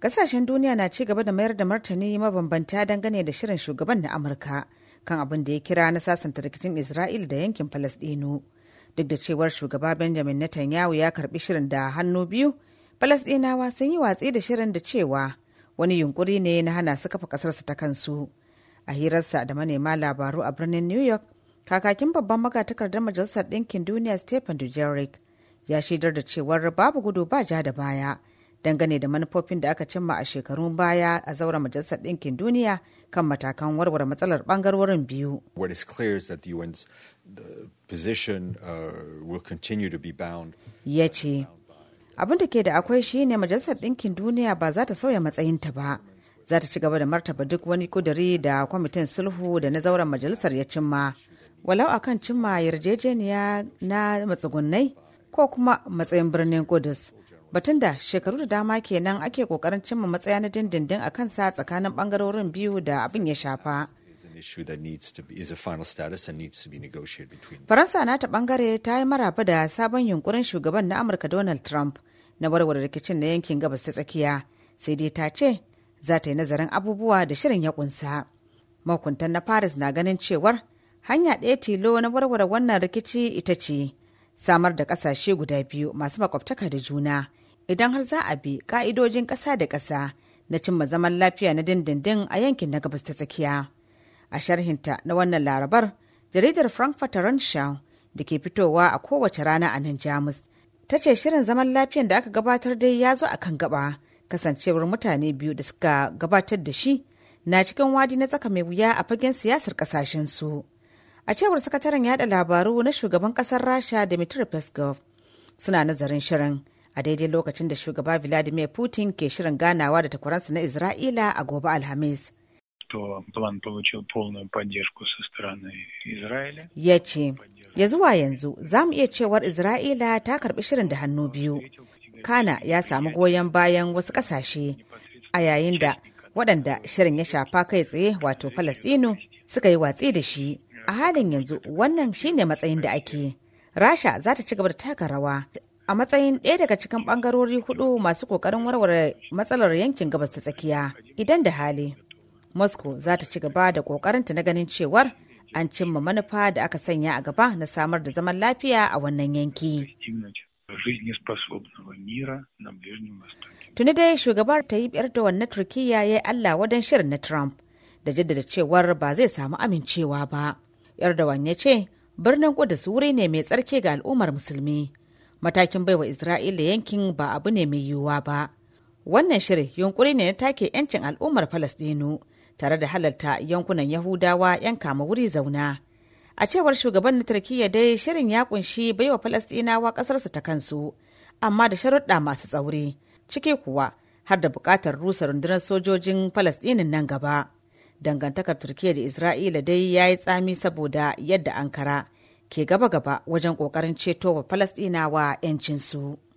Kasashen duniya na ci gaba da mayar da martani mabambanta dangane da shirin shugaban na Amurka kan abin da ya kira na sasanta rikicin Isra'il da yankin Falasɗinu. Duk da cewar shugaba Benjamin Netanyahu ya karbi shirin da hannu biyu, falasdinawa sun yi watsi da shirin da cewa wani yunkuri ne na hana su kafa ƙasarsu ta kansu. A hirarsa da manema labaru a birnin New York, kakakin babban magatakardar majalisar ɗinkin duniya Stephen dujeric ya shaidar da cewar babu gudu ba ja da baya dangane da manufofin da aka cimma a shekarun baya a zauren majalisar ɗinkin duniya kan matakan warware matsalar ɓangarorin biyu. What is clear is position uh, will to be bound. Ya ce, abin da ke da akwai shi ne majalisar ɗinkin duniya ba za ta sauya matsayinta ba. Za ta ci gaba da martaba duk wani kuduri da kwamitin sulhu da na zauren majalisar ya cimma. Walau akan cimma yarjejeniya na matsugunnai ko kuma matsayin birnin Kudus. batun da shekaru da dama kenan ake kokarin cimma matsaya na dindindin a kansa tsakanin bangarorin biyu da abin ya shafa. Faransa na ta bangare ta yi maraba da sabon yunkurin shugaban na Amurka Donald Trump na warware rikicin na yankin gabas ta tsakiya sai dai ta ce za ta yi nazarin abubuwa da shirin ya kunsa. Mahukuntan na Paris na ganin cewar hanya ɗaya tilo na warware wannan rikici ita ce samar da ƙasashe guda biyu masu makwabtaka da juna. idan har za a bi ka'idojin ƙasa da ƙasa na cimma zaman lafiya na dindindin a yankin na gabas ta tsakiya. A sharhinta na wannan larabar, jaridar Frankfurter Rundschau da ke fitowa a kowace rana a nan Jamus, ta ce shirin zaman lafiyan da aka gabatar dai ya zo a kan gaba, kasancewar mutane biyu da suka gabatar da shi na cikin wadi na tsaka mai wuya a fagen siyasar su. A cewar sakataren yada labaru na shugaban kasar Rasha Dmitry Peskov suna nazarin shirin a daidai lokacin da shugaba Vladimir Putin ke shirin ganawa da takwaransa na Isra'ila a gobe Alhamis. Ya ce, ya zuwa yanzu za mu iya cewar Isra'ila ta karɓi shirin da hannu biyu. Kana ya samu goyon bayan wasu kasashe a yayin da waɗanda shirin ya shafa kai tsaye wato Falastinu suka yi watsi da shi. A halin yanzu wannan shine matsayin da ake. Rasha za ta ci gaba da taka rawa a matsayin ɗaya daga cikin ɓangarori hudu masu ƙoƙarin warware matsalar yankin gabas ta tsakiya idan da hali moscow za ta ci gaba da ta na ganin cewar an cimma manufa da aka sanya a gaba na samar da zaman lafiya a wannan yanki tuni dai shugabar yi erdogan na turkiya ya yi allah wadan shirin na trump da jaddada cewar ba zai samu amincewa ba erdogan ya ce birnin kudus wuri ne mai tsarki ga al'ummar musulmi matakin baiwa isra'ila yankin ba abu ne mai yiwuwa ba wannan shirin yunkuri ne na take 'yancin al'ummar Falasɗinu, tare da halarta yankunan yahudawa 'yan kama wuri zauna a cewar shugaban na turkiyya dai shirin ya kunshi baiwa Falasɗinawa kasarsu ta kansu amma da sharuɗa masu tsauri ciki kuwa har da buƙatar rusa rundunar sojojin Falasdinin nan gaba dangantakar turkiyya da isra'ila dai ya yi tsami saboda yadda ankara ke gaba-gaba wajen ƙoƙarin ceto wa Falasɗinawa 'yancinsu.